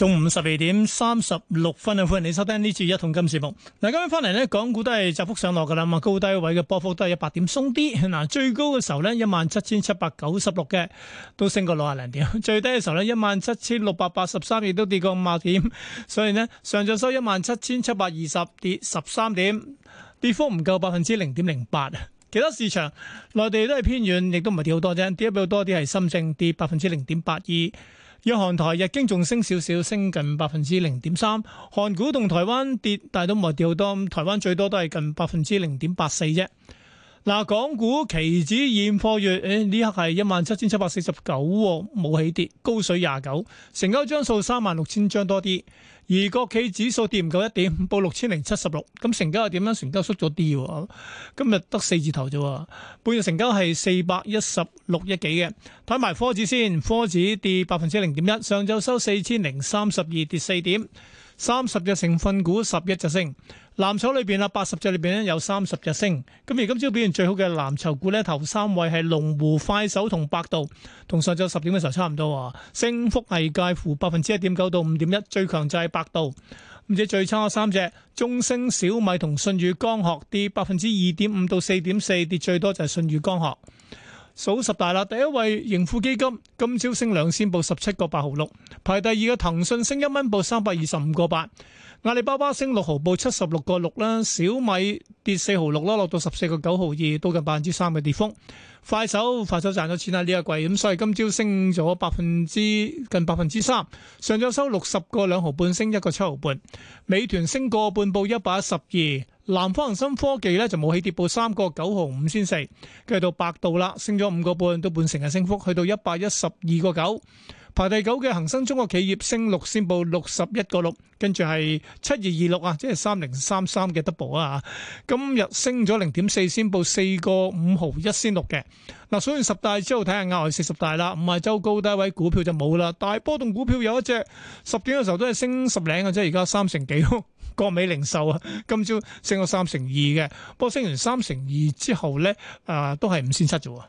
中午十二點三十六分啊！歡迎你收聽呢次一桶金節目。嗱，今日翻嚟咧，港股都係窄幅上落嘅啦。咁高低位嘅波幅都係一百點鬆啲。嗱，最高嘅時候呢，一萬七千七百九十六嘅，都升過六啊零點。最低嘅時候呢，一萬七千六百八十三，亦都跌過五啊點。所以呢，上晝收一萬七千七百二十，跌十三點，跌幅唔夠百分之零點零八。其他市場，內地都係偏軟，亦都唔係跌好多啫。跌得比較多啲係深證跌百分之零點八二。日韓台，日經仲升少少，升近百分之零點三。韓股同台灣跌，但都唔係跌好多。台灣最多都係近百分之零點八四啫。嗱，港股期指現貨月，誒、哎、呢刻係一萬七千七百四十九，冇起跌，高水廿九，成交張數三萬六千張多啲。而國企指數跌唔夠一點，報六千零七十六，咁成交又點樣？成交縮咗啲，今日得四字頭咋？半日成交係四百一十六億幾嘅。睇埋科指先，科指跌百分之零點一，上晝收四千零三十二，跌四點，三十隻成分股十一隻升。藍籌裏邊啊，八十隻裏邊咧有三十隻升。咁而今朝表現最好嘅藍籌股咧，頭三位係龍湖、快手同百度，同上晝十點嘅時候差唔多。升幅係介乎百分之一點九到五點一，最強就係百度。唔知最差三隻，中升、小米同舜宇光學跌百分之二點五到四點四，跌最多就係舜宇光學。數十大啦，第一位盈富基金今朝升兩仙報十七個八毫六，排第二嘅騰訊升一蚊報三百二十五個八。阿里巴巴升六毫報七十六個六啦，小米跌四毫六啦，落到十四個九毫二，都近百分之三嘅跌幅。快手快手賺咗錢啦呢個季，咁所以今朝升咗百分之近百分之三，上咗收六十個兩毫半，升一個七毫半。美團升個半報一百一十二，南方恒生科技咧就冇起跌報三個九毫五先四，跟到百度啦，升咗五個半，到半成日升幅，去到一百一十二個九。排第九嘅恒生中國企業升六先報，六十一個六，跟住係七二二六啊，即係三零三三嘅 double 啊！今日升咗零點四仙報，四個五毫一仙六嘅。嗱，數完十大之後，睇下額外四十大啦，唔係周高低位股票就冇啦。大波動股票有一隻，十點嘅時候都係升十零嘅啫，而家三成幾。國美零售啊，今朝升咗三成二嘅，不過升完三成二之後咧，啊都係五千七啫。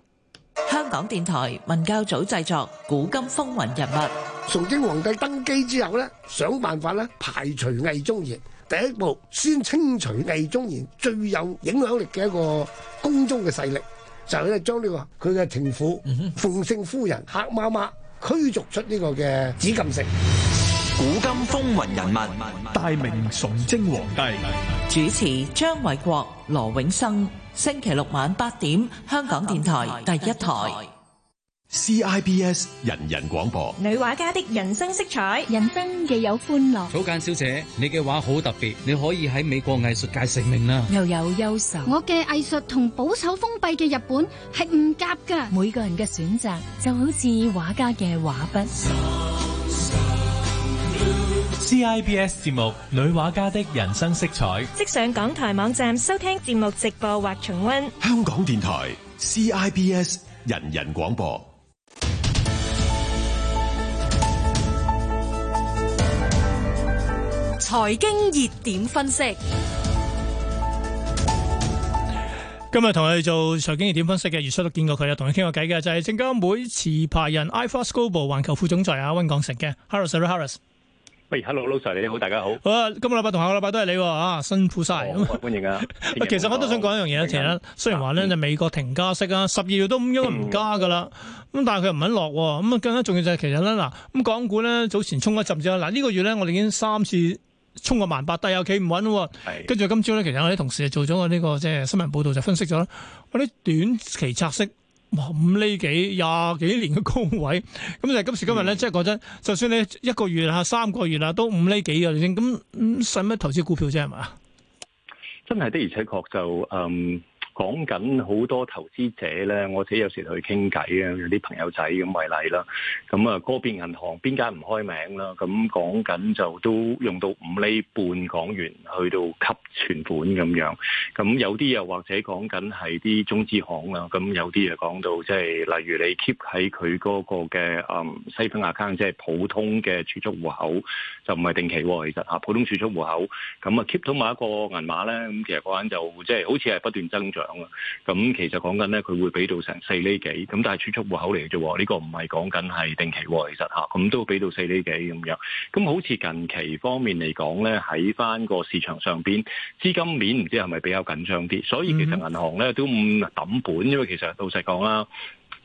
香港電台文教組製作《古今風雲人物》。崇禎皇帝登基之後咧，想辦法咧排除魏忠賢。第一步先清除魏忠賢最有影響力嘅一個宮中嘅勢力，就係將呢個佢嘅情婦奉聖夫人客媽媽驅逐出呢個嘅紫禁城。《古今風雲人物》，大明崇禎皇帝主持張偉國、羅永生。星期六晚八點，香港電台第一台 CIBS 人人廣播。女畫家的人生色彩，人生既有歡樂。草間小姐，你嘅畫好特別，你可以喺美國藝術界成名啦。又有憂愁，我嘅藝術同保守封閉嘅日本係唔夾噶。每個人嘅選擇就好似畫家嘅畫筆。c i b s 節目《女畫家的人生色彩》，即上港台網站收聽節目直播或重溫。香港電台 c i b s 人人廣播財經熱點分析。今日同佢做財經熱點分析嘅，月初都見過佢，有同佢傾過偈嘅，就係、是、證監會持牌人 i f a Scoble 環球副總裁阿溫鋼城嘅 Harris Harris。Har us, Har us hello，老 Sir、hey, i 你好，大家好。好啊，今個禮拜同下個禮拜都係你喎，啊，辛苦晒。歡迎啊！其實我都想講一樣嘢。其實雖然話咧就美國停加息啊，十二月都應該唔加噶啦，咁、嗯、但係佢又唔肯落喎，咁啊更加重要就係其實咧嗱，咁港股咧早前衝一集啫，嗱、這、呢個月咧我哋已經三次衝過萬八，但又企唔穩喎。跟住是今朝咧，其實我啲同事就做咗個呢個即係新聞報道就分析咗啦，嗰啲短期拆息。哇！五厘幾廿幾年嘅高位，咁就係今時今日咧，嗯、即係講真就算你一個月啊、三個月啊，都五厘幾嘅，咁使乜投資股票啫？係嘛？真係的而且確就嗯。講緊好多投資者咧，我自己有時去傾偈啊，有啲朋友仔咁為例啦。咁啊，嗰邊銀行邊間唔開名啦。咁講緊就都用到五厘半港元去到吸存款咁樣。咁有啲又或者講緊係啲中資行啊。咁有啲又講到即係例如你 keep 喺佢嗰個嘅、嗯、西平 account，即係普通嘅儲蓄戶口，就唔係定期喎。其實普通儲蓄戶口咁啊，keep 到埋一個銀碼咧，咁其實嗰陣就即係好似係不斷增長。咁其實講緊咧，佢會俾到成四厘幾，咁但係儲蓄戶口嚟啫喎，呢個唔係講緊係定期喎，其實吓，咁都俾到四厘幾咁樣，咁好似近期方面嚟講咧，喺翻個市場上邊資金面唔知係咪比較緊張啲，所以其實銀行咧都唔抌本，因為其實老實講啦。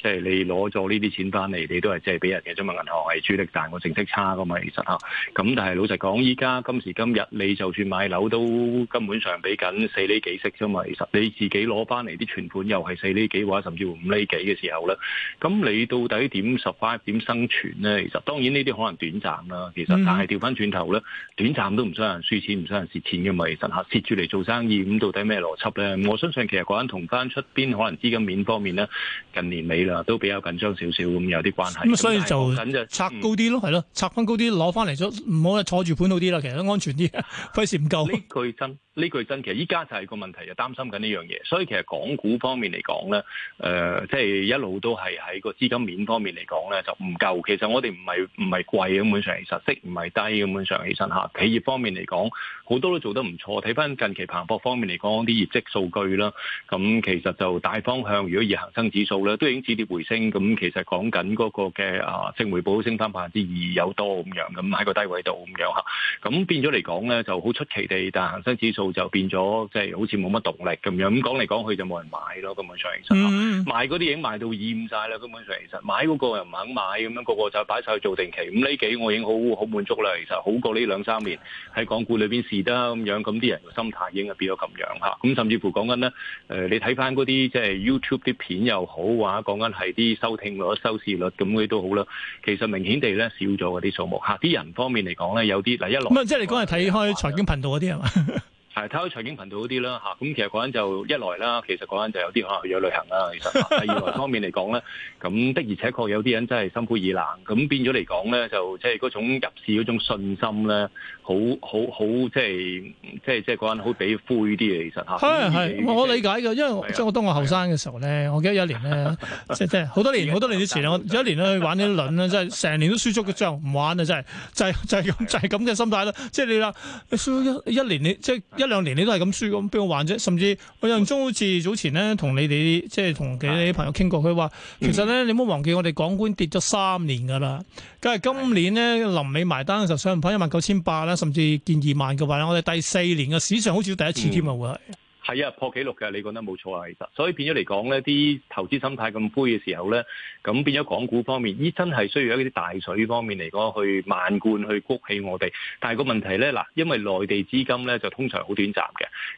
即係你攞咗呢啲錢翻嚟，你都係借俾人嘅啫嘛。銀行係主力，但我成績差噶嘛，其實咁但係老實講，依家今時今日，你就算買樓都根本上俾緊四厘幾息啫嘛。其實你自己攞翻嚟啲存款又係四厘幾或者甚至乎五厘幾嘅時候咧，咁你到底點 survive 點生存呢？其實當然呢啲可能短暫啦。其實、mm hmm. 但係調翻轉頭咧，短暫都唔想人輸錢，唔想人蝕錢嘅嘛。其實嚇蝕住嚟做生意，咁到底咩邏輯咧？我相信其實講緊同翻出邊可能資金面方面咧，近年尾。都比較緊張少少，咁有啲關係。咁、嗯、所以就拆高啲咯，係咯、嗯，拆翻高啲攞翻嚟咗，唔好啊，坐住盤好啲啦，其實都安全啲，費事唔夠。呢呢句真，其實依家就係個問題，就擔心緊呢樣嘢。所以其實港股方面嚟講咧，誒、呃，即係一路都係喺個資金面方面嚟講咧，就唔夠。其實我哋唔係唔係貴咁樣上，其實息唔係低咁樣上起身嚇。企業方面嚟講，好多都做得唔錯。睇翻近期彭博方面嚟講啲業績數據啦，咁其實就大方向，如果以恒生指數咧，都已經止跌回升。咁其實講緊嗰個嘅啊升回報升翻百分之二有多咁樣咁喺個低位度咁樣嚇。咁變咗嚟講咧，就好出奇地，但係恒生指數。就變咗，即係好似冇乜動力咁樣。咁講嚟講去就冇人買咯。根本上其實，賣嗰啲已經賣到厭晒啦。根本上其實，買嗰個又唔肯買，咁樣個個就擺晒去做定期。五厘幾我已經好好滿足啦。其實好過呢兩三年喺港股裏邊試得咁樣。咁啲人嘅心態已經係變咗咁樣吓。咁甚至乎講緊咧，誒、呃，你睇翻嗰啲即係 YouTube 啲片又好，話講緊係啲收聽率、收視率咁嗰啲都好啦。其實明顯地咧少咗嗰啲數目吓。啲、啊、人方面嚟講咧，有啲嗱一落，即係你講係睇開財經頻道嗰啲係嘛？ 係睇下財經頻道嗰啲啦嚇，咁其實嗰陣就一來啦，其實嗰陣就有啲可能去咗旅行啦。其實第二來方面嚟講咧，咁的而且確有啲人真係心灰意冷，咁變咗嚟講咧，就即係嗰種入市嗰種信心咧。好好好，即係即係即係嗰陣好比灰啲嘅，其實嚇。係係，我理解嘅，因為、啊、即係我當我後生嘅時候咧，啊、我記得有一年咧， 即係好多年好多年之前， 我有一年呢去玩啲輪咧， 即係成年都輸足嘅，最後唔玩啊！真係就係、是、就係、是、咁就係咁嘅心態咯。即係你話輸一一,一年你即係一兩年你都係咁輸咁，邊度玩啫？甚至我印象中好似早前咧，同你哋即係同幾啲朋友傾過，佢話其實咧，你唔好忘記我哋港股跌咗三年㗎啦，梗係今年咧臨的尾埋單嘅時候上翻一萬九千八啦。甚至見二萬嘅話咧，我哋第四年嘅史上好似第一次添啊，會係。係啊，破紀錄嘅，你講得冇錯啊！其實，所以變咗嚟講呢啲投資心態咁灰嘅時候呢，咁變咗港股方面，依真係需要一啲大水方面嚟講去漫灌去谷起我哋。但係個問題呢，嗱，因為內地資金呢，就通常好短暫嘅，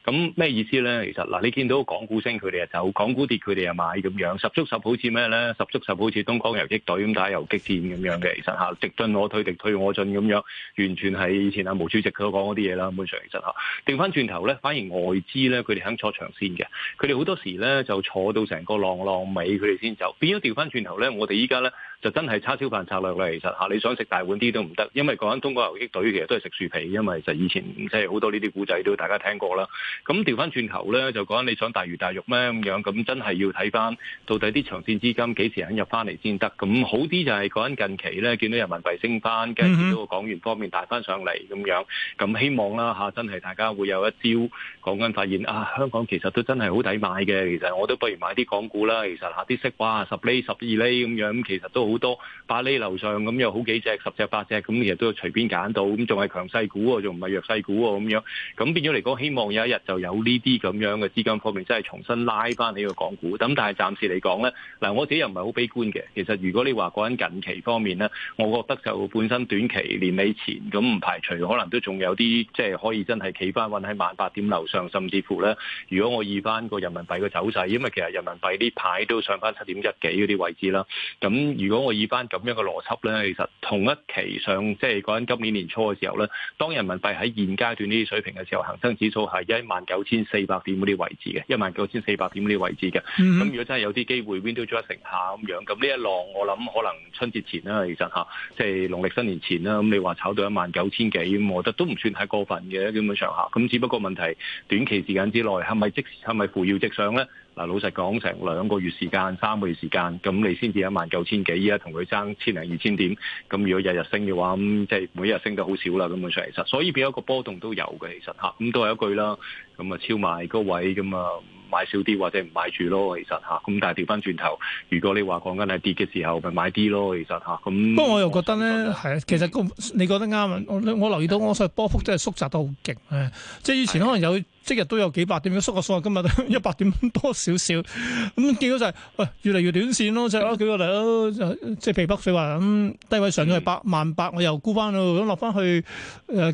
咁咩意思呢？其實嗱，你見到港股升佢哋又走，港股跌佢哋又買咁樣，十足十好似咩呢？十足十好似東江遊擊隊咁打遊擊戰咁樣嘅，其實嚇，敵進我退，敵退我進咁樣，完全係以前阿毛主席佢講嗰啲嘢啦，基本上其實嚇。掉翻轉頭呢，反而外資呢。佢。響坐長線嘅，佢哋好多時咧就坐到成個浪浪尾，佢哋先走。變咗調翻轉頭咧，我哋依家咧。就真係叉燒飯策略啦，其實、啊、你想食大碗啲都唔得，因為講緊中國遊擊隊其實都係食樹皮，因為其實以前即係好多呢啲古仔都大家聽過啦。咁調翻轉頭咧，就講緊你想大魚大肉咩咁樣，咁真係要睇翻到底啲長線資金幾時肯入翻嚟先得。咁好啲就係講緊近期咧，見到人民幣升翻，跟住都個港元方面帶翻上嚟咁樣。咁希望啦、啊、真係大家會有一招講緊，發現啊香港其實都真係好抵買嘅。其實我都不如買啲港股啦。其實下啲息哇十厘十二厘咁樣，其實都～好多八釐樓、嗯、八釐樓上咁有好幾隻十隻八隻咁，其實都隨便揀到，咁仲係強勢股喎，仲唔係弱勢股喎咁、嗯、樣，咁、嗯、變咗嚟講，希望有一日就有呢啲咁樣嘅資金方面，真係重新拉翻起個港股。咁、嗯、但係暫時嚟講呢，嗱我自己又唔係好悲觀嘅。其實如果你話講緊近期方面呢，我覺得就本身短期年尾前咁，唔、嗯、排除可能都仲有啲即係可以真係企翻穩喺萬八點樓上，甚至乎呢，如果我預翻個人民幣嘅走勢，因為其實人民幣呢排都上翻七點一幾嗰啲位置啦。咁、嗯、如果如果我以翻咁樣嘅邏輯咧，其實同一期上即係講緊今年年初嘅時候咧，當人民幣喺現階段呢啲水平嘅時候，恒生指數係一萬九千四百點嗰啲位置嘅，一萬九千四百點嗰啲位置嘅。咁、mm hmm. 如果真係有啲機會 window 咗一成下咁樣，咁呢一浪我諗可能春節前啦，其實吓，即係農曆新年前啦，咁你話炒到一萬九千幾，咁我覺得都唔算太過分嘅，基本上下咁只不過問題短期時間之內係咪即係咪扶搖直上咧？嗱，老實講，成兩個月時間、三個月時間，咁你先至一萬九千幾，依家同佢爭千零二千點，咁如果日日升嘅話，咁即係每一日升得好少啦。咁樣上其實，所以變一個波動都有嘅，其實吓，咁都係一句啦。咁啊，超賣嗰位咁啊，買少啲或者唔買住咯，其實吓，咁但係調翻轉頭，如果你話講緊係跌嘅時候，咪買啲咯，其實吓，咁不過我又覺得咧，其實個你覺得啱啊。我我留意到，我睇波幅真係縮窄到好勁，即係以前可能有即日都有幾百點咁縮數，我數今日一百點多少少。咁結果就係、是、喂、哎，越嚟越短線咯，即、啊、係舉個例咯，即係皮北水話咁低位上咗係百萬八，我又沽翻咯，咁落翻去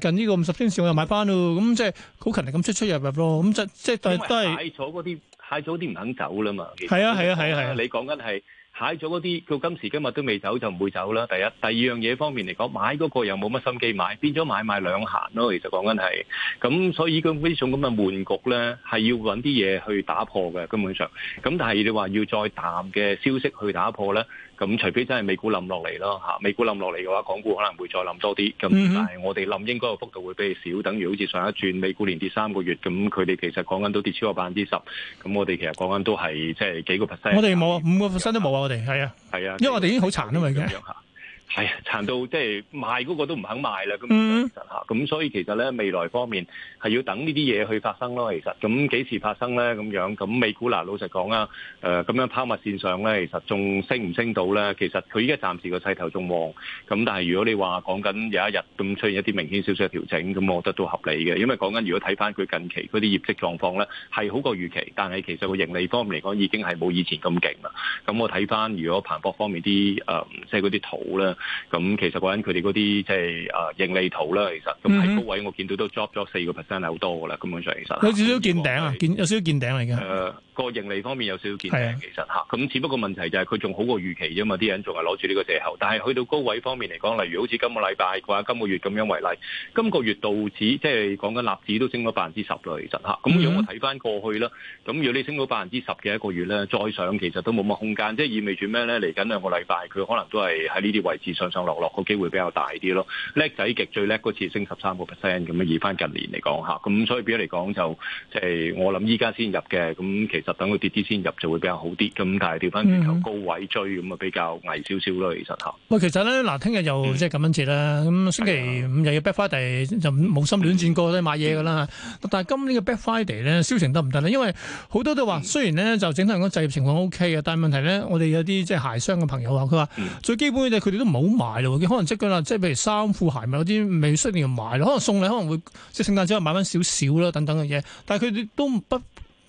近呢個五十天線我又買翻咯，咁、嗯、即係好勤力咁出出入入。咁即即都係都係蟹咗嗰啲，蟹咗嗰啲唔肯走啦嘛。係啊係啊係啊，啊啊你講緊係。踩咗嗰啲到今時今日都未走就唔會走啦。第一，第二樣嘢方面嚟講，買嗰個又冇乜心機買，變咗買賣兩閒咯。其實講緊係咁，所以佢樣呢種咁嘅悶局咧，係要揾啲嘢去打破嘅根本上。咁但係你話要再淡嘅消息去打破咧，咁除非真係美股冧落嚟咯嚇，美股冧落嚟嘅話，港股可能會再冧多啲。咁但係我哋冧應該個幅度會比你少，嗯嗯等於好似上一轉美股連跌三個月，咁佢哋其實講緊都跌超過百分之十。咁我哋其實講緊都係即係幾個 percent。我哋冇啊，五個 percent 都冇啊。嗯我哋係啊，係啊，因為我哋已經好殘啊嘛咁樣。 係，慘、哎、到即係賣嗰個都唔肯賣啦，咁咁、嗯、所以其實咧未來方面係要等呢啲嘢去發生咯。其實，咁幾時發生咧？咁樣，咁美股嗱，老實講啊，誒、呃、咁樣拋物線上咧，其實仲升唔升到咧？其實佢依家暫時個勢頭仲旺，咁但係如果你話講緊有一日咁出現一啲明顯少少嘅調整，咁我覺得都合理嘅，因為講緊如果睇翻佢近期嗰啲業績狀況咧，係好過預期，但係其實個盈利方面嚟講已經係冇以前咁勁啦。咁我睇翻如果彭博方面啲誒即係嗰啲圖咧。呃即係咁其實講緊佢哋嗰啲即係啊盈利圖啦，其實咁喺高位，我見到都 drop 咗四個 percent 係好多噶啦，根本上其實有少少見頂啊，就是、見有少少見頂嚟嘅。誒、呃個盈利方面有少少見頂，的其實吓，咁、啊、只不過問題就係佢仲好過預期啫嘛，啲人仲係攞住呢個借口。但係去到高位方面嚟講，例如好似今個禮拜或者今個月咁樣為例，今個月道指即係講緊納指都升咗百分之十啦，其實吓，咁如果我睇翻過去啦，咁如果你升到百分之十嘅一個月咧，再上其實都冇乜空間，即係意味住咩咧？嚟緊兩個禮拜佢可能都係喺呢啲位。次上上落落個機會比較大啲咯，叻仔極最叻嗰次升十三個 percent 咁樣，以翻近年嚟講嚇，咁所以比較嚟講就即係我諗依家先入嘅，咁其實等佢跌啲先入就會比較好啲，咁但係掉翻轉頭高位追咁啊比較危少少咯，嗯、其實嚇。喂，其實咧嗱，聽日又即係咁樣設啦，咁星期五又要 back Friday 就冇心戀戰過、嗯、都買嘢噶啦，但係今年嘅 back Friday 咧銷情得唔得咧？因為好多都話雖然咧就整體嚟講就業情況 OK 嘅，但係問題咧我哋有啲即係鞋商嘅朋友話，佢話最基本嘅就係佢哋都唔。冇買咯，佢可能即係喇，即係譬如衫褲鞋襪有啲未需要買咯，可能送禮可能會即係聖誕節買翻少少啦等等嘅嘢，但佢哋都不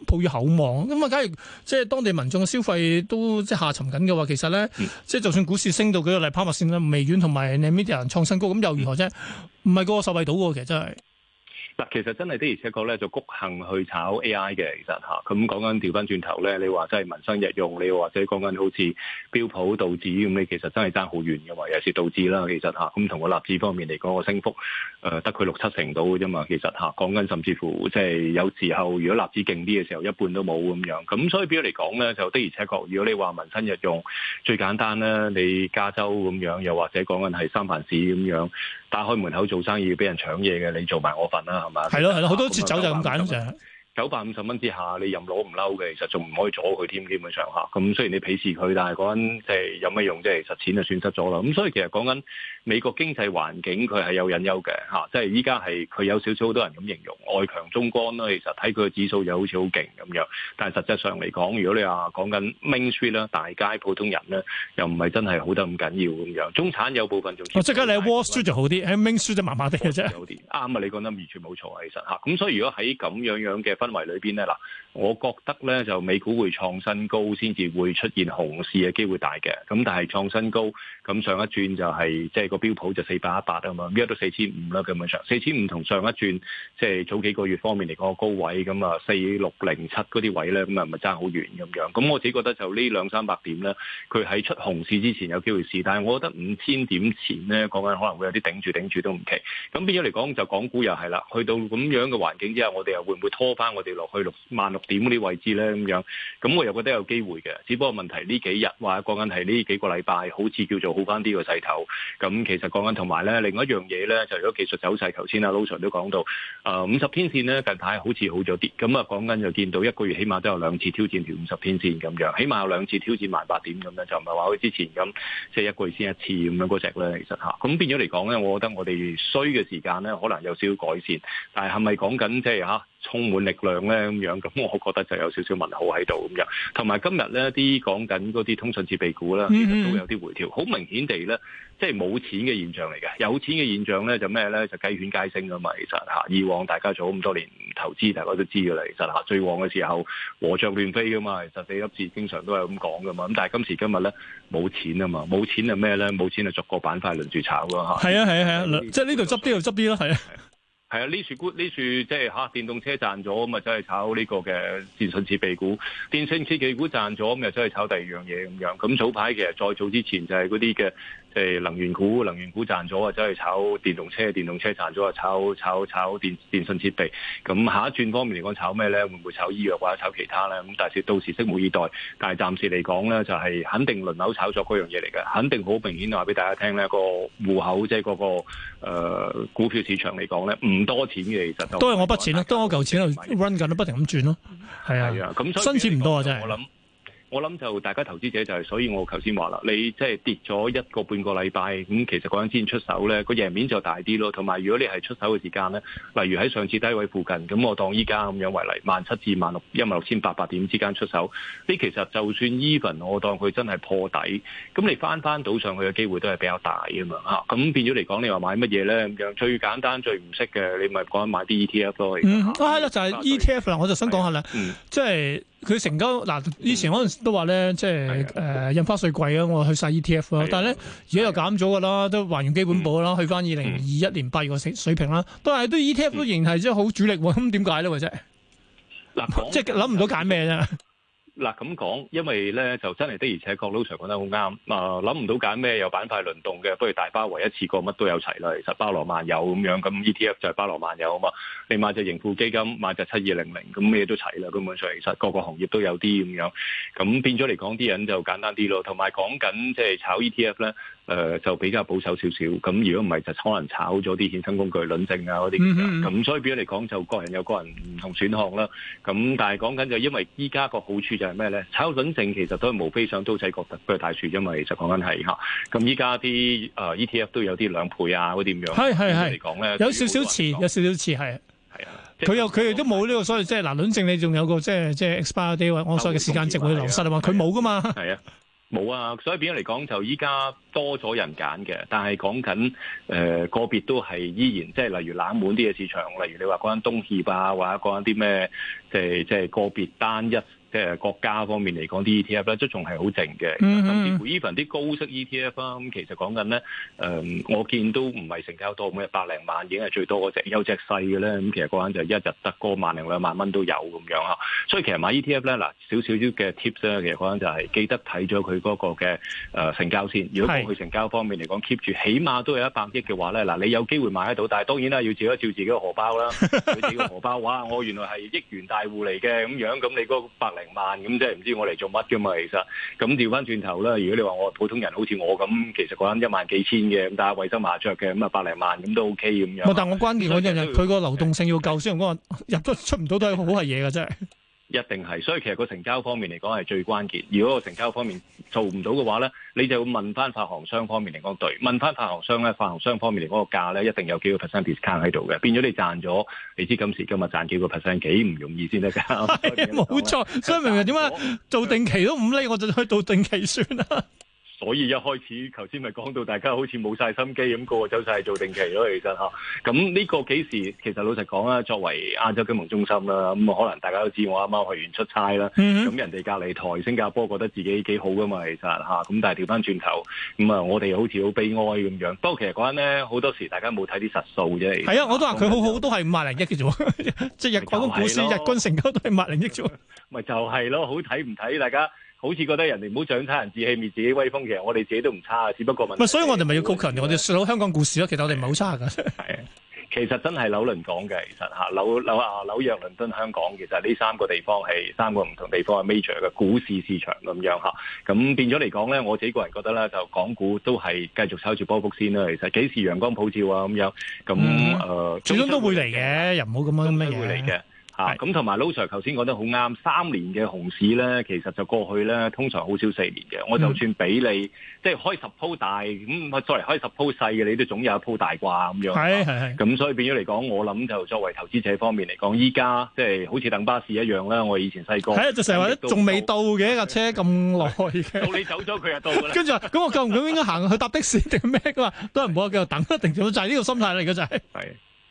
抱於厚望，咁啊假如即係當地民眾嘅消費都即係下沉緊嘅話，其實咧即係就算股市升到嗰個例拋物線啦，微軟同埋 Nvidia 創新高咁又如何啫？唔係、嗯、個受惠到嘅，其實真係。嗱，其實真係的而且確咧，就谷幸去炒 AI 嘅，其實嚇。咁講緊調翻轉頭咧，你話真係民生日用，你又或者講緊好似標普道指咁，你其實真係爭好遠嘅嘛。尤其是道指啦，其實咁同個納指方面嚟講，個升幅誒得佢六七成到嘅啫嘛。其實嚇，講、啊、緊甚至乎即係有時候，如果納指勁啲嘅時候，一半都冇咁樣。咁所以比較嚟講咧，就的而且確，如果你話民生日用最簡單咧，你加州咁樣，又或者講緊係三藩市咁樣。打開門口做生意要俾人搶嘢嘅，你做埋我份啦，係嘛的？係咯，係咯，好吧吧多次走就咁簡單九百五十蚊之下，你任攞唔嬲嘅，其實仲唔可以阻佢添，基本上，吓。咁雖然你鄙視佢，但係講緊即係有咩用？即係實錢就損失咗啦。咁所以其實講緊美國經濟環境，佢係有隱憂嘅嚇、啊。即係依家係佢有少少好多人咁形容外強中乾啦。其實睇佢嘅指數又好似好勁咁樣，但係實際上嚟講，如果你話講緊 Main Street 啦，大街普通人咧，又唔係真係好得咁緊要咁樣。中產有部分仲、啊、即刻你喺 Wall Street 就好啲，喺、啊、Main Street 就麻麻地嘅啫。好啲啱啊！你講得完全冇錯啊！其實嚇咁，所以如果喺咁樣樣嘅氛圍裏邊咧，嗱，我覺得咧就美股會創新高先至會出現熊市嘅機會大嘅，咁但係創新高，咁上一轉就係即係個標普就四百一八啊嘛，而家都四千五啦咁樣上，四千五同上一轉即係早幾個月方面嚟講個高位咁啊四六零七嗰啲位咧，咁啊咪爭好遠咁樣，咁我自己覺得就呢兩三百點咧，佢喺出熊市之前有機會試，但係我覺得五千點前咧，講緊可能會有啲頂住頂住都唔奇。咁變咗嚟講就港股又係啦，去到咁樣嘅環境之下，我哋又會唔會拖翻？嗯、我哋落去六萬六點嗰啲位置呢，咁樣，咁我又覺得有機會嘅。只不過問題呢幾日話講緊係呢幾個禮拜，好似叫做好返啲個勢頭。咁其實講緊同埋呢另一樣嘢呢，就如果技術走勢，頭先啦，Lo Sir 都講到，誒五十天線呢近排好似好咗啲。咁啊講緊就見到一個月起碼都有兩次挑戰住五十天線咁樣，起碼有兩次挑戰萬八點咁樣，就唔係話好似之前咁即係一個月先一次咁樣嗰隻呢，其實嚇咁、啊、變咗嚟講呢，我覺得我哋衰嘅時間呢，可能有少少改善，但係係咪講緊即係嚇？充滿力量咧咁樣咁，我覺得就有少少問號喺度咁樣。同埋今日咧啲講緊嗰啲通訊設備股咧，其實都有啲回調，好明顯地咧，即係冇錢嘅現象嚟嘅。有錢嘅現象咧就咩咧？就雞犬皆升噶嘛。其實以往大家做咁多年投資，大家都知噶啦。其實最旺嘅時候，和雀亂飛噶嘛。其實四粒字經常都係咁講噶嘛。咁但係今時今日咧冇錢啊嘛，冇錢就咩咧？冇錢就逐個板塊輪住炒咯嚇。係啊係啊係啊，即係呢度執啲，就執啲咯係啊。係啊，呢樹股呢樹即係吓電動車賺咗，咁啊真係炒呢個嘅電信設備股，電信設備股賺咗，咁又真係炒第二樣嘢，咁樣。咁早排其實再早之前就係嗰啲嘅。誒能源股，能源股賺咗啊！走去炒電動車，電動車賺咗啊！炒炒炒電電信設備。咁下一轉方面嚟講，炒咩咧？會唔會炒醫藥或者炒其他咧？咁但係到時拭目以待。但係暫時嚟講咧，就係肯定輪流炒作嗰樣嘢嚟嘅，肯定好明顯話俾大家聽咧。個戶口即係嗰個股票市場嚟講咧，唔多錢嘅其實都係我筆錢咯，都係我嚿錢喺 run 緊，不停咁轉咯。係啊，咁新錢唔多啊，我真係。我諗就大家投資者就係、是，所以我頭先話啦，你即係跌咗一個半個禮拜，咁、嗯、其實嗰陣先出手咧，個贏面就大啲咯。同埋如果你係出手嘅時間咧，例如喺上次低位附近，咁我當依家咁樣為例，萬七至萬六一萬六千八百點之間出手，呢其實就算 even，我當佢真係破底，咁你翻翻到上去嘅機會都係比較大噶嘛。吓、啊，咁變咗嚟講，你話買乜嘢咧咁樣？最簡單最唔識嘅，你咪講買啲 ETF 咯。嗯，係啦，就係 ETF 啦，我就想講下啦，即係。佢成交嗱，以前可能都話咧，即係誒、呃、印花稅貴啊，我去晒 E T F 啊。但係咧，而家又減咗噶啦，都還原基本步啦，去返二零二一年八月嘅水水平啦。但係對 E T F 都仍然係即係好主力喎，咁點解咧？或者、嗯，嗯嗯、 即係諗唔到揀咩啫。嗱咁講，因為咧就真係，的而且確，老 Sir 講得好啱。啊，諗唔到揀咩，有板塊輪動嘅，不如大包圍一次過，乜都有齊啦。其實包羅萬有咁樣，咁 ETF 就係包羅萬有啊嘛。你買隻盈富基金，買隻七二零零，咁咩都齊啦。根本上其實各個行業都有啲咁樣。咁變咗嚟講，啲人就簡單啲咯。同埋講緊即係炒 ETF 咧。誒、呃、就比較保守少少，咁如果唔係就可能炒咗啲衍生工具、輪證啊嗰啲咁，咁、嗯、哼所以比較嚟講就個人有個人唔同選項啦。咁但係講緊就因為依家個好處就係咩咧？炒輪證其實都無非想刀仔覺得佢係大樹，因為就講緊係嚇。咁依家啲誒 ETF 都有啲兩倍啊嗰啲咁樣，係係係嚟講咧，有少少似，有少少似係係啊。佢又佢哋都冇呢、這個，所以即係嗱輪證你仲有個即係即係 expiry date 我所謂嘅時間值會流失啊，啊，啊說嘛。佢冇噶嘛。啊。冇啊，所以變咗嚟講就依家多咗人揀嘅，但係講緊誒個別都係依然，即係例如冷門啲嘅市場，例如你話講緊東協啊，或者講緊啲咩誒，即係即係個別單一。即係國家方面嚟講啲 ETF 咧，都仲係好靜嘅。甚至 even 啲高息 ETF 啦，咁其實講緊咧，誒、呃，我見都唔係成交多咁，每百零萬已經係最多嗰隻。有隻細嘅咧，咁其實嗰陣就一日得個萬零兩萬蚊都有咁樣啊。所以其實買 ETF 咧，嗱少少少嘅 tips 咧，其實嗰陣就係、是、記得睇咗佢嗰個嘅誒成交先。如果過去成交方面嚟講 keep 住，起碼都有一百億嘅話咧，嗱你有機會買得到，但係當然啦，要照一照自己個荷包啦。佢自己個荷包，哇、 啊！我原來係億元大戶嚟嘅咁樣，咁你嗰百零。萬咁即係唔知我嚟做乜噶嘛，其實咁調翻轉頭啦。如果你話我普通人好似我咁，其實講緊一萬幾千嘅，咁但係衛生麻雀嘅，咁啊百零萬咁都 OK 咁樣。但係我關鍵嗰陣，佢個流動性要夠先，我入咗出唔到都係好係嘢噶啫。 一定係，所以其實個成交方面嚟講係最關鍵。如果個成交方面做唔到嘅話咧，你就問翻發行商方面嚟講對，問翻發行商咧，發行商方面嚟講個價咧，一定有幾個 percent discount 喺度嘅。變咗你賺咗，你知今時今日賺幾個 percent 幾唔容易先得㗎。冇錯，所以明明點解，做定期都五厘，我就去做定期算啦。可以一開始，頭先咪講到大家好似冇晒心機咁，個個走曬做定期咯。其實嚇，咁呢個幾時？其實老實講啦，作為亞洲金融中心啦，咁可能大家都知我啱啱去完出差啦。咁、嗯嗯、人哋隔離台新加坡覺得自己幾好噶嘛，其實嚇。咁但係調翻轉頭，咁啊，我哋好似好悲哀咁樣。不過其實講緊咧，好多時大家冇睇啲實數啫。係啊，我都話佢好好的都是多多，都係五萬零億啫，即係日均股市日均成交都係萬零億啫，咪就係咯、就是，好睇唔睇，大家？好似覺得人哋，唔好長他人志氣、滅自己威風，其實我哋自己都唔差啊，只不過問題。所以我哋咪要高強我哋講好香港故事咯。其實我哋唔係好差㗎，啊，其實真係紐倫港嘅，其實嚇紐紐啊紐約、倫敦、香港，其實呢三個地方係三個唔同地方，係 major 嘅股市市場咁樣，咁變咗嚟講咧，我自己個人覺得咧，就港股都係繼續抽住波幅先啦。其實幾時陽光普照啊咁樣，咁誒，嗯呃、最終都會嚟嘅，又唔好咁樣嚟嘅。咁同埋 Lu Sir 頭先講得好啱，三年嘅熊市咧，其實就過去咧，通常好少四年嘅。我就算俾你，嗯、即係開十鋪大，咁我再嚟開十鋪細嘅，你都總有一鋪大啩咁樣。咁所以變咗嚟講，我諗就作為投資者方面嚟講，依家即係好似等巴士一樣啦。我以前細個係啊，就成日話仲未到嘅架車咁耐嘅。的到你走咗佢就到啦。跟住話，咁我夠唔夠應該行 去搭的士定咩嘅嘛？都係唔好繼續等，定就係呢個心態啦，而家就係。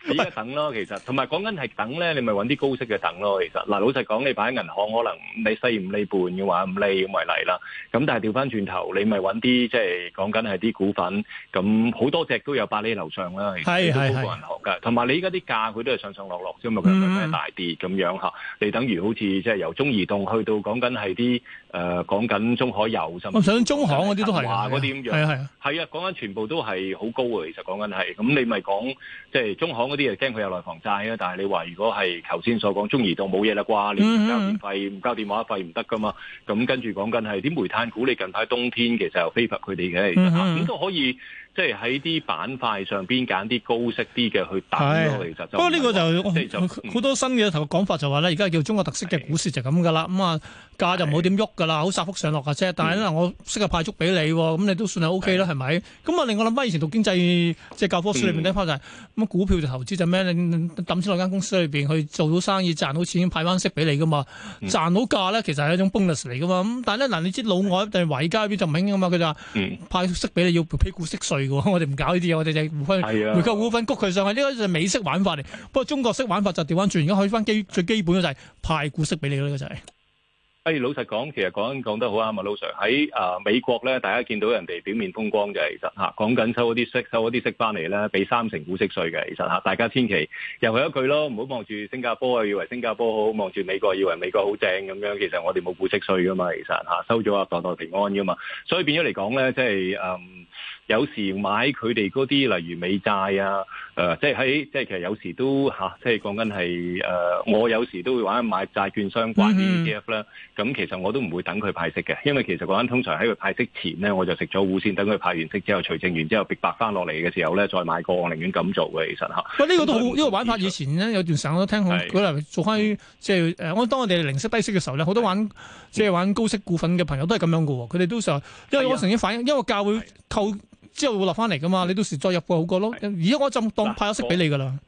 而家等咯，其實同埋講緊係等咧，你咪揾啲高息嘅等咯。其實嗱，老實講，你擺喺銀行，可能你四釐五釐半嘅話，五釐咁嚟啦。咁但係調翻轉頭，你咪揾啲即係講緊係啲股份，咁好多隻都有八釐樓上啦。係係係，都高過銀行㗎。同埋你依家啲價，佢都係上上落落，因為佢有咩大跌咁樣嚇。你等於好似即係由中移動去到講緊係啲誒講緊中海油，甚至中行嗰啲都係話嗰啲咁樣，係啊係啊，係啊講緊全部都係好高嘅。其實講緊係咁，你咪講即係中行。啲嘢驚佢有內房債啊！但係你話如果係頭先所講中移動冇嘢啦啩？你唔交電費唔交電話費唔得噶嘛？咁跟住講緊係啲煤炭股，你近排冬天其實又飛伏佢哋嘅，其實咁都可以。即係喺啲板塊上邊揀啲高息啲嘅去打咯，其實不過呢個就好多新嘅頭講法就話咧，而家叫中國特色嘅股市就咁噶啦，咁、嗯、啊、嗯、價就冇點喐噶啦，好曬幅上落噶啫。但係咧，是我息啊派足俾你，咁你都算係 O K 啦，係咪？咁啊，令我諗翻以前讀經濟即係教科書裏邊啲話就係、是、咁、嗯嗯、股票嘅投資就咩你抌錢落間公司裏邊去做到生意賺到錢派翻息俾你噶嘛，賺到價咧其實係一種 bonus 嚟噶嘛。咁但係咧嗱，你知老外定維嘉嗰邊就唔係咁嘛，佢就話派息俾你要俾股息稅。 我哋唔搞呢啲嘢，我哋就係啊，回購股份、谷佢上去，呢個就美式玩法嚟。不過中國式玩法就調翻轉，而家可以翻基最基本嘅就係派股息俾你咯，就係、是。哎，老實講，其實講講得好啱啊，老 Sir。喺、呃、啊美國咧，大家見到人哋表面風光就嘅，其實吓講緊收一啲息，收一啲息翻嚟咧，俾三成股息稅嘅。其實吓、啊，大家千祈又係一句咯，唔好望住新加坡，以為新加坡好；望住美國，以為美國好正咁樣。其實我哋冇股息稅噶嘛，其實吓收咗啊，袋袋平安噶嘛。所以變咗嚟講咧，即係嗯。有時買佢哋嗰啲，例如美債啊，誒、呃，即係喺，即係其實有時都嚇、啊，即係講緊係誒，我有時都會玩買債券相關啲 ETF 啦。咁、嗯、哼其實我都唔會等佢派息嘅，因為其實嗰陣通常喺佢派息前咧，我就食咗糊先，等佢派完息之後除淨完之後，逼白翻落嚟嘅時候咧，再買過，我寧願咁做嘅，其實嚇。喂，呢個都好，呢個玩法以前咧有段時間我都聽好。佢嚟的做開、就是，即係誒，我、呃、當我哋零息低息嘅時候咧，好多玩即係的玩高息股份嘅朋友都係咁樣嘅喎，佢哋都想，因為我曾經反映，的因為價會扣。之後會落返嚟噶嘛？你到時再入貨好過咯。而家是的 我就當派咗息俾你噶啦。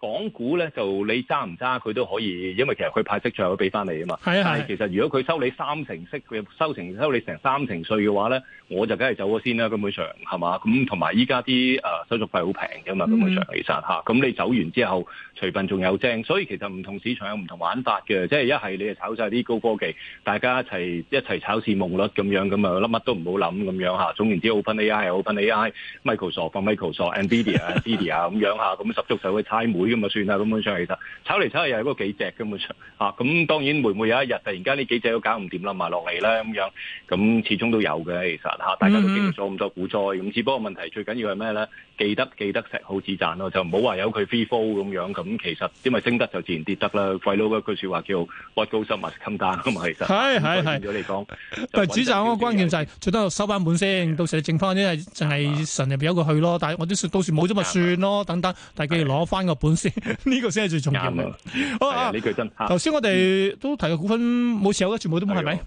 港股咧就你揸唔揸佢都可以，因為其實佢派息最後都俾翻你啊嘛。係啊，但係其實如果佢收你三成息，佢收成收你成三成稅嘅話咧，我就梗係走咗先啦。根本上係、呃、嘛？咁同埋依家啲誒手續費好平嘅嘛，根本上其實嚇。咁你走完之後，隨便仲有正，所以其實唔同市場有唔同玩法嘅。即係一係你就炒晒啲高科技，大家一齊一齊炒市夢率咁樣咁啊，乜都唔好諗咁樣嚇。總言之，Open AI 係 Open AI，Microsoft 係 Microsoft，Nvidia 係 Nvidia 啊咁樣嚇，咁十足十去猜。妹。咁咪算啦，咁樣上嚟，其實炒嚟炒去又係嗰幾隻咁樣上嚇，咁、啊、當然會唔會有一日突然間呢幾隻都搞唔掂啦，埋落嚟啦咁樣，咁始終都有嘅其實嚇，大家都經歷咗咁多股災咁，mm. 只不過問題最緊要係咩咧？記得記得食好止賺咯，就唔好話有佢 free fall 咁樣咁，其實因為升得就自然跌得啦。鬼佬嗰句説話叫 What goes up, must come down 啊嘛，其實係係係。如果但係止賺嘅關鍵就係最多收翻本先，的的到時淨翻因為就係神入邊有個去咯。但係我都説到時冇咗咪算咯，等等，但係記要攞翻個本。呢個先係最重要嘅。係呢句真。頭先我哋都提過股份冇持有嘅，全部都冇係咪？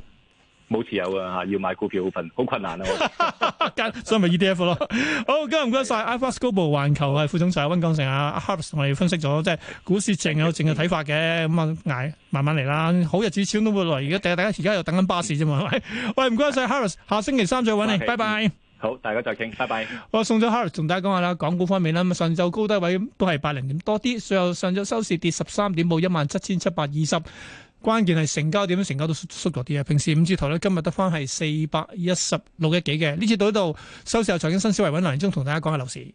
冇持有啊！嚇，要買股票好困，好困難啊！所以咪 ETF 咯。好，今日唔該晒。iShares Global 環球係副總裁溫鋼城啊，Harris 我哋分析咗即係股市靜有靜嘅睇法嘅，咁啊捱慢慢嚟啦。好日子始終都會來，而家大家而家又等緊巴士啫嘛，係咪？喂，唔該晒，Harris，下星期三再揾你，拜拜。好，大家再傾，拜拜。我送咗 h e a r 同大家講下啦，港股方面啦，咁上晝高低位都係八零點多啲，最後上晝收市跌十三點，報一萬七千七百二十。關鍵係成交點，成交都縮縮啲啊。平時五字頭咧，今日得翻係四百一十六億幾嘅。呢次到呢度，收市後財經新思維，揾梁振中同大家講下樓市。